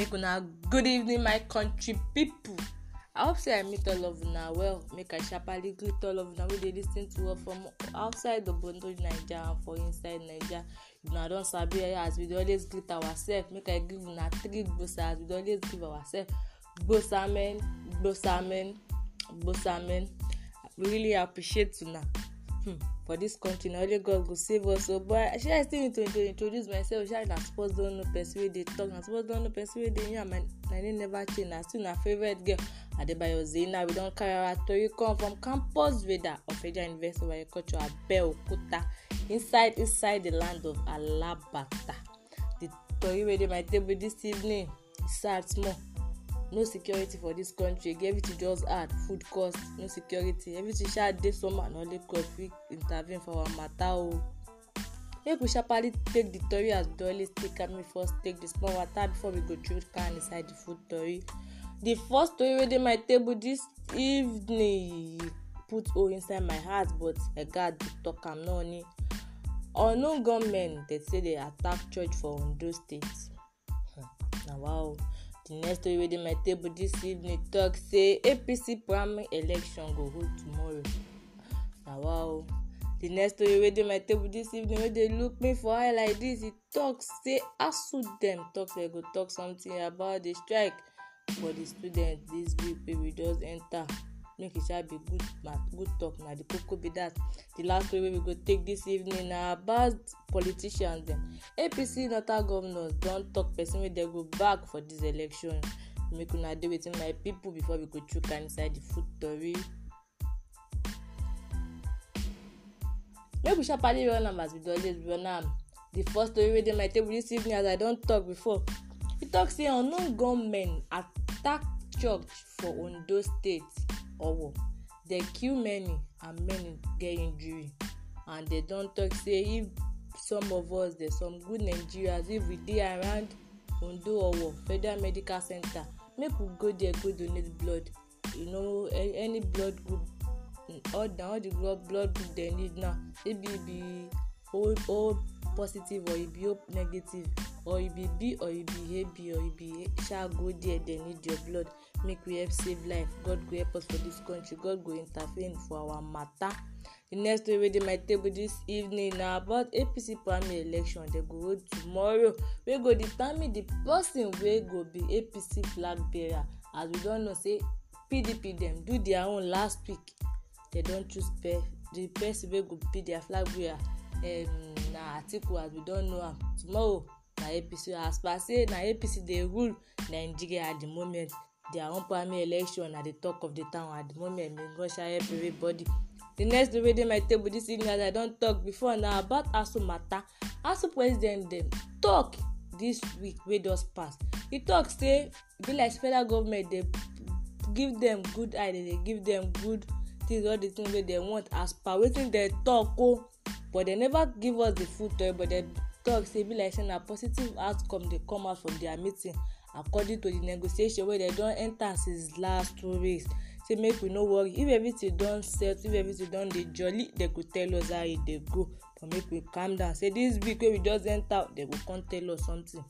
make una good evening my country people. i hope say i meet all of una well make i sharparly greet all of una wey dey lis ten to us from outside obodo naija and for inside naija una don sabi as we dey always greet ourselves make i give una three gbosa as we dey always give ourselves gbosamen gbosamen gbosamen we really appreciate una. Hmm for this country na only god go save us o but i sure still need to, to introduce myself sha na suppose don know person wey dey talk na suppose don know person wey dey yarn my my name never change na still na favourite girl adebayo zina we don carry our tori come from campus radar of federal university of agriculture abeokuta inside inside the land of alabata the tori wey dey my table this evening sad small no security for dis country again everything just hard food cost no security everything sha dey somehow na only god fit intervene for our matter o make we sharparly take the tori as we dey always take am we first take the small water before we go throw can inside the food tori the first tori wey dey my table this evening put hole inside my heart but i gats dey talk am no only unknown gunmen dey say dey attack church for ondo state hmm, na wow The next story wey dey my table dis evening tok say apc primary election go hold tomorrow na wa o di next story wey dey my table dis evening wey dey look me for eye like this. e talk say asu dem talk say go talk something about the strike for the students this week wey we just enter make e sha be good math good talk na the koko be that the last story wey we go take this evening na about politicians dem apc northern governors don talk person wey dem go back for this election make una dey wetin my people before we go chook hand inside the food tori. make we sharparly run am as we dey always run am the first story wey dey my table this evening as i don talk before e talk say unknown gunmen attack church for ondo state owo dem kill many and many get injury and dem don talk say if some of us dem some good nigerians if we dey around ondo owo federal medical center make we go there go donate blood you know any blood group all na all the blood blood group dem need now maybe e be o o positive or e be o negative or you be b or you be a b or you be a sha go there they need your blood make we help save life god go help us for this country god go intervene for our matter the next story wey dey my table this evening na about apc primary election dey go hold tomorrow wey go determine the person wey go be apc flag bearer as we don know say pdp dem do their own last week dem don choose pe the person wey go be their flag bearer um, na atiku as we don know am tomorrow na apc as per say na apc dey rule nigeria at the moment their own primary election na the talk of the town at the moment may go share help everybody the next day wey dey my table this evening as i don talk before na about asu matter asu president dem talk this week wey just pass e talk say e be like federal government dey give dem good eye dey give dem good things all the things wey dem want as per wetin dem talk o but dem never give us the full story but dem Talk. say e be like say na positive outcome dey come out from their meeting according to the negotiation wey dem don enter since last two weeks say make we no worry if everything don settle if everything don dey jolly dem go tell us how e dey go but make we calm down say this week wey we just enter dem go come tell us something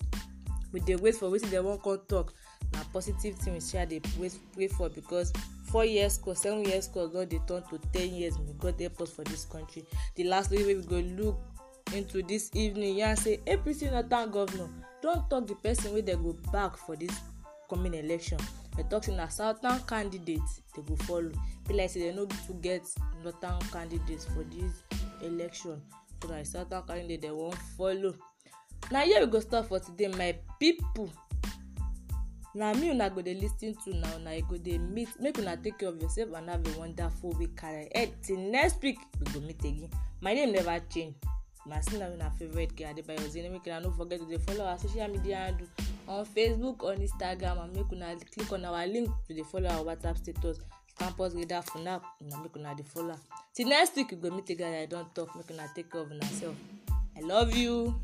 we dey wait for wetin dem wan come talk na positive thing we sha dey pray for because four years course seven years course don dey turn to ten years may god help us for dis country the last week wey we go look into this evening yarn say apc northern govnor don talk the person wey dem go back for this coming election dem talk say na southern candidate dem go follow be like say dem no too get northern candidates for this election so na southern candidate dem wan follow na here we go stop for today my people. na me una go dey lis ten to na una e go dey meet make una take care of yourself and have a wonderful week ahead till next week we go meet again my name never change Masila una favorite girl. Adebayo Zeynep Kira no forget to dey follow our social media handle on Facebook on Instagram and make una click on our link to dey follow our WhatsApp status campus leader FUNAP una make una dey follow am till next week we go meet again I don talk make una take care of una self I love you.